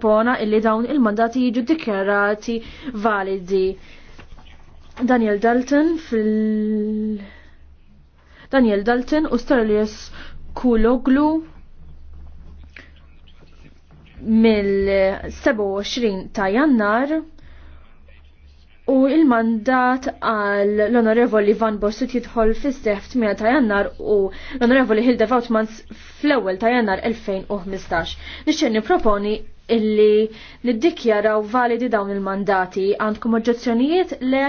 tippropona illi dawn il-mandati jiġu dikjarati validi. Daniel Dalton fil Daniel Dalton u Starlius Kuloglu mill-27 ta' jannar u il-mandat għal l-onorevoli Van Bossut jidħol fis-seħf 8 ta' jannar u l-onorevoli Hilde Vautmans fl-ewwel ta' jannar 2015. Nixxen proponi illi niddikjaraw validi dawn il-mandati għandkom oġġezzjonijiet le